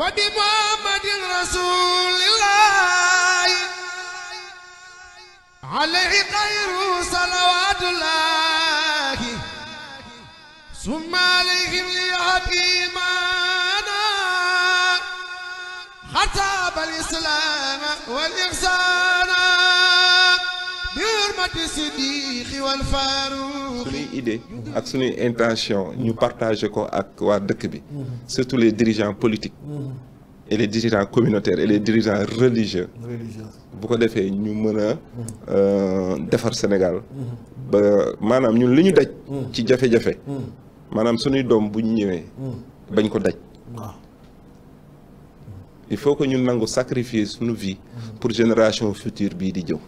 وبمحمد رسول الله عليه خير صلوات الله ثم عليهم ليعقيمانا خطاب الإسلام والإحسان suñuy idée ak suñuy intention ñu partager ko ak waa dëkk bi surtout les dirigeants politiques et les dirigeants communautaires et les dirigeants religieux bu ko defee ñu mën a euh, defar Sénégal ba maanaam ñun li ñu daj ci jafe-jafe maanaam suñuy doom bu ñu ñëwee bañ ko daj il faut que ñu nangu sacrifier suñu vie pour génération future bii di jëw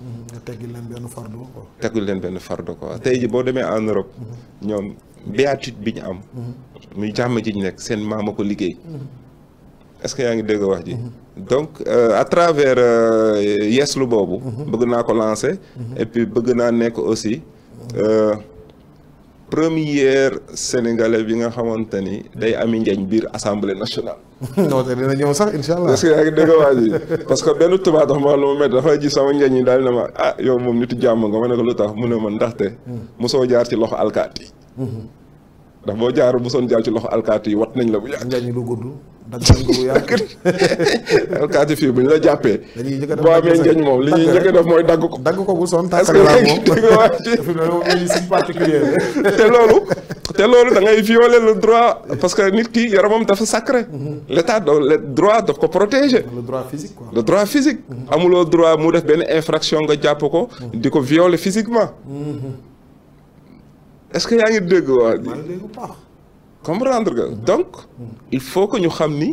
teggil leen benn fardo quoi. teggil leen benn fardo quoi tey ji boo demee en Europe. ñoom béatitude bi ñu am. muy jàmm ji ñu nekk seen maam a ko liggéey. est-ce que yaa ngi dégg wax ji. donc euh, à travers euh, yeeslu boobu. bëgg naa ko lancer. et puis bëgg naa nekk aussi. Euh, première sénégalais bi nga xamante ni day ami njëñ biir assemblée nationale. non te dina ñëw sax incha allah. parce que benn tubaab dafa ma lu ma métti dafay ji sama njëriñ daal na ma ah yow moom nitu jàmm nga ma ne ko lu tax mu ne ma ndaxte. Mm-hmm. mosoo jaar ci loxo alkaati. Mm-hmm. ndax boo jaar mosoon jaar ci loxo alkaati yi wat nañ la bu yàgg. njëriñ lu gudd. alkaati fii bu ñu la jàppee. dañuy njëkk a def boo amee njëñ moom li ñuy njëkk a def mooy dagg ko. dagg ko bu son tàkk ak laa moom te loolu te loolu da ngay violer le droit parce que nit ki moom dafa sacré l' état le droit daf ko protéger. le droit physique quoi. le droit physique. Mm-hmm. amuloo droit mu def benn infraction nga jàpp ko. Mm-hmm. di ko violer physiquement. Mm-hmm. est ce que yaa ngi dégg waa. comprendre nga donc. il faut que ñu xam ni.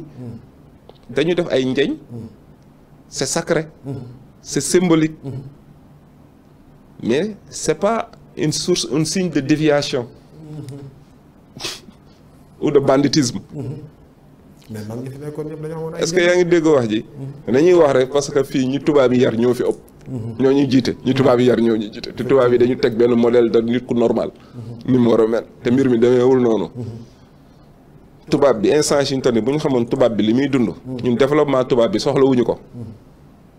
dañu def ay njeñ. c' est sacré. c' est symbolique. mais c' est pas une source une signe de déviation. ou de banditisme. mais mag ñi fi nekkoon ñëpp dañoo amoon ay. est-ce que yaa ngi dégg wax ji. Mm-hmm. nañuy wax rek parce que fii ñu tubaab yi yar ñoo fi ëpp. Mm-hmm. ñoo ñu jiite ñu tubaab yi yar ñoo ñu jiite te tubaab yi dañu teg benn modèle de nit ku normal. Mm-hmm. ni mu war a mel te mbir mi demeewul noonu. tubaab bi instant si ñu toll bu ñu xamoon tubaab bi li muy dund. ñun développement tubaab bi soxlawuñu ko.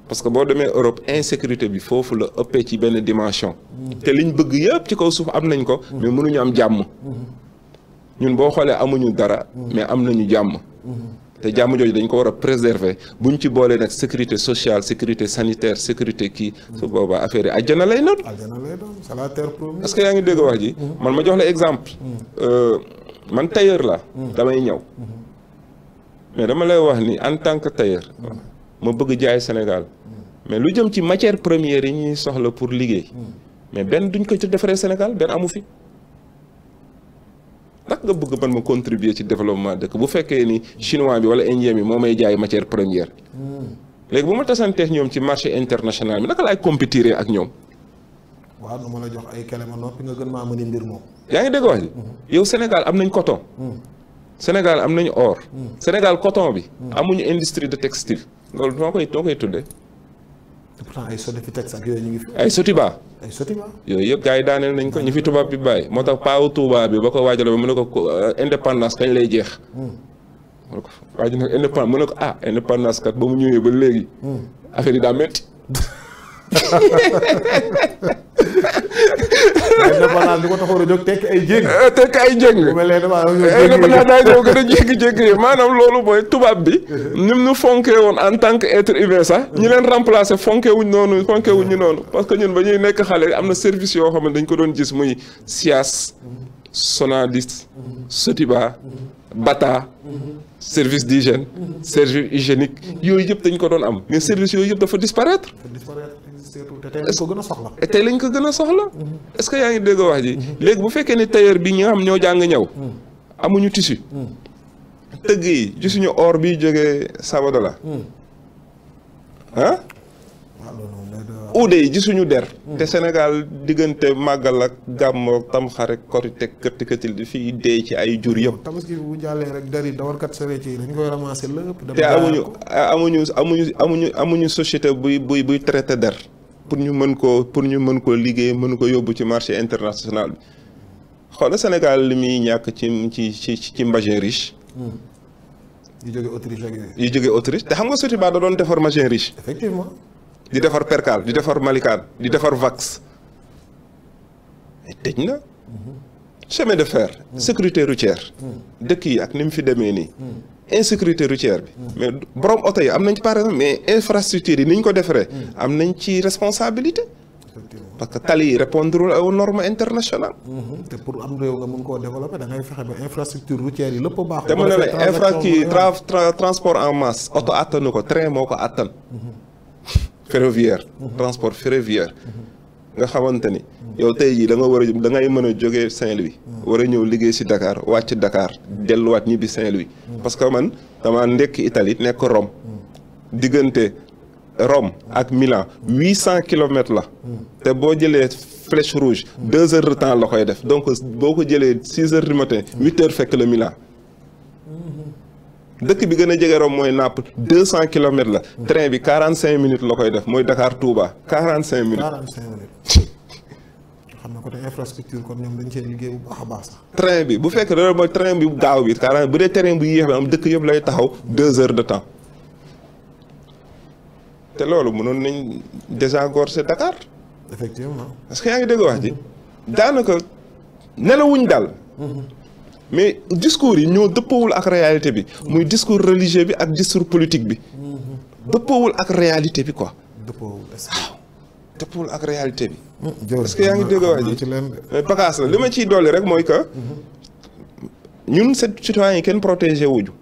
parce que boo demee Europe insécurité bi foofu la ëppee ci benn dimension. te liñ bëgg yëpp ci kaw suuf am nañ ko. mais mënuñu am jàmm. ñun boo xoolee amuñu dara. mais am nañu jàmm. te jàmm jooju dañ ko war a préserver ñu ci boolee nag sécurité social sécurité sanitaire sécurité kii. su boobaa affaire yi àjjana lay doon. àjjana lay que yaa ngi dégg wax ji. man ma jox la exemple. Mm-hmm. Euh, man tailleur la mm-hmm. damay ñëw. Mm-hmm. mais dama lay wax ni en tant que tailleur. ma bëgg jaay Sénégal. mais lu jëm ci matière première yi ñuy soxla pour liggéey. mais benn duñ ko ci defaree Sénégal benn amu fi. naka nga bëgg man ma contribuer ci développement dëkk bu fekkee ni chinois bi wala indien bi moo may jaay matière première. Hmm. léegi bu ma tasanteex ñoom ci marché international bi naka laay compétir ak ñoom. waaw nu ma la jox ay kelema noppi nga gën maa mën mbir moom. yaa ngi dégg wax ji. Hmm. yow Sénégal am nañ coton. Hmm. Sénégal am nañu or. Sénégal coton bi. amuñu industrie de textile. loolu noo koy noo pourtant ay Sodefitex ak yooyu ñu ngi fi. ay Sotiba. ay yooyu yëpp gars yi daaneel nañ ko ñu fi tubaab bi baay moo tax paawu Touba bi ba ko waajal ba mu ne ko euh, indépendance kañ lay jeex. Hmm. mu ne ko waaj na ko ah indépendance kat ba mu ñëwee ba léegi. Hmm. affaire yi daa métti. waaye li ko taxoon a jóg tekki ay jéng. Eh, tekki ay jéng. bu mel ne damaa ñëw eh, gën a jéggi jéggi yi maanaam loolu mooy tubaab bi. ni mu ñu fonkee woon en tant que être humain sax. ñi leen remplacer fonkee wuñ noonu fonkee wuñ ñu noonu parce que ñun ba ñuy nekk xale am na service yoo xam dañ ko doon gis muy SIAS. Sonalis. Sotiba. Bata. service d'hygiène. service hygiénique. yooyu yëpp dañ ko doon am mais service yooyu yëpp dafa disparaître. surtout te tey lañ ko gën a soxla. tey lañ ko gën a soxla. est ce que yaa ngi dégg wax ji. léegi bu fekkee ne tailleur bi ñi nga xam ñoo jàng ñaw amuñu tissu. tëgg yi gisuñu or bi jógee Sabadola. ah. uude yi gisuñu der. te Sénégal diggante màggal ak gàmmoog tamxarit korite këtt këttil di fii dee ci ay jur yëpp. tabaski bu jàllee rek der yi dawarkat sare ci dañ koy ramasser lépp. te amuñu amuñu amuñu amuñu amuñu société buy buy buy traité der. pour ñu mën ko pour ñu mën koo liggéey mën ko yóbbu ci marché international bi xoola Sénégal li muy ñàkk ci ci ci ci mbasin riche. Hmm. yu jóge Autriche ak jóge Autriche te xam nga baa da doon defar mbasin riche. effectivement di defar percale di defar malikaan di defar vax. mais tëj na. Hmm. chemin de fer. Hmm. sécurité routière. dëkk yi ak ni mu fi demee nii. insécurité routière bi. mais borom oto yi am nañ ci par exemple mais infrastructure yi ni ñu ko defaree. am nañ ci responsabilité. parce que tali yi répondre aux normes international mm-hmm. te pour am na réew nga mën koo développer da ngay fexe ba infrastructure routière yi lépp a baax. dama ne la infrastructure transport en masse. oto attanu ko train moo ko attan. Mm-hmm. ferroviaire. Mm-hmm. transport ferroviaire. nga xamante ni yow tey jii da nga war a da ngay mën a jógee Saint-Louis. war a ñëw liggéey si Dakar wàcc Dakar delluwaat ñibbi Saint-Louis. parce que man dama ndekki Italie nekk Rome. diggante Rome ak Milan huit cent kilomètres la. te boo jëlee flèche rouge. deux heures de temps la koy def donc boo ko jëlee six heures du matin huit heures fekk la Milan. dëkk bi gën a jege Rome mooy Naples deux cent kilomètres la. train bi quarante cinq minutes la koy def mooy Dakar Touba quarante cinq minutes. xam nga côté infrastructure kon ñoom dañ cee liggéey bu baax a baax train bi bu fekkee loolu mooy train bi gaaw bi carrément bu dee train bu yéex bi am dëkk yëpp lay taxaw deux heures de temps te loolu mënoon nañ désengorger Dakar. effectivement parce que yaa ngi dégg wax ji. daanaka nelawuñ daal. Mm-hmm. mais discours yi ñoo dëppawul ak réalité bi. muy discours religieux bi ak discours politique bi. Mm-hmm. dëppawul ak réalité bi quoi. dëppawul dëppul ak réalité bi. Ah, est-ce que yaa ngi dégg waa ji bakaas la li ma ciy dolli rek mooy que. ñun seen citoyens yi kenn protégé wuñu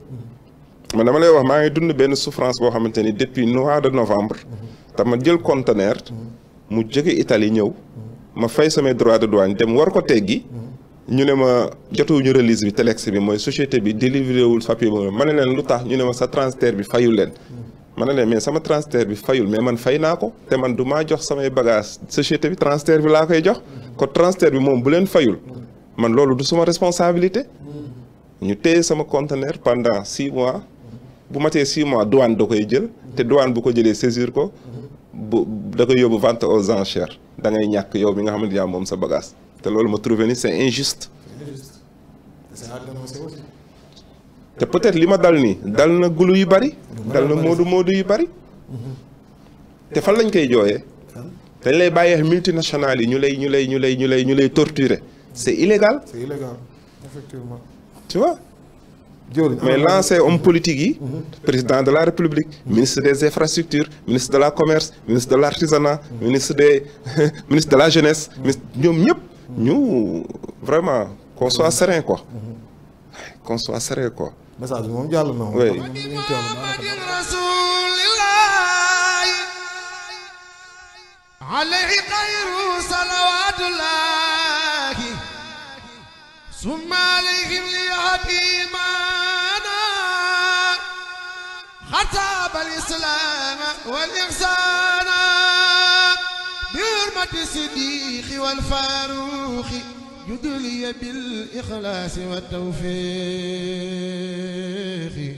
man dama lay wax maa ngi dund benn souffrance boo xamante ni depuis mois de novembre. te ma jël conteneur. mu jóge Italie ñëw. ma fay samay droit de douane dem war ko teggi. ñu ne ma jotuwuñu release bi telex bi mooy société bi délivré wul papier boobu ma ne leen lu tax ñu ne ma sa transfert bi fayul leen. ma ne leen mais sama transfert bi fayul mais man fay naa ko te man du maa jox samay bagage société bi transfert bi laa koy jox kon transfert bi moom bu leen fayul man loolu du suma responsabilité ñu téye sama conteneur pendant six mois bu matee six mois douane da koy jël te duwaan bu ko jëlee saisir ko bu da koy yóbbu vente aux enchères da ngay ñàkk yow mi nga xamante yaa moom sa bagage te loolu ma trouvé ni c'est injuste te peut-être li ma dal nii dal na gulu yu bari dal na moodu moodu yu bari te fan lañ koy jooyee dañ lay bàyyee multinationales yi ñu lay ñu lay ñu lay ñu lay ñu lay torturer c'est illégal. c'est illégal effectivement. tu vois. mais ah, lancé homme politique yi. Mhm. président de la république. ministre des infrastructures ministre de la commerce ministre de l'artisanat. Mhm. ministre de ministre de la jeunesse. ministre ñoom ñëpp. ñu vraiment qu'on soit ko mhm. qu'on soit sérieux quoi. message bi moom jàll na moom. oui. عليه خير صلوات الله ثم عليهم ليتيمانا خطاب الإسلام والإحسان بحرمة الصديق والفاروق judli bil ikhlaasi wa tawfiiq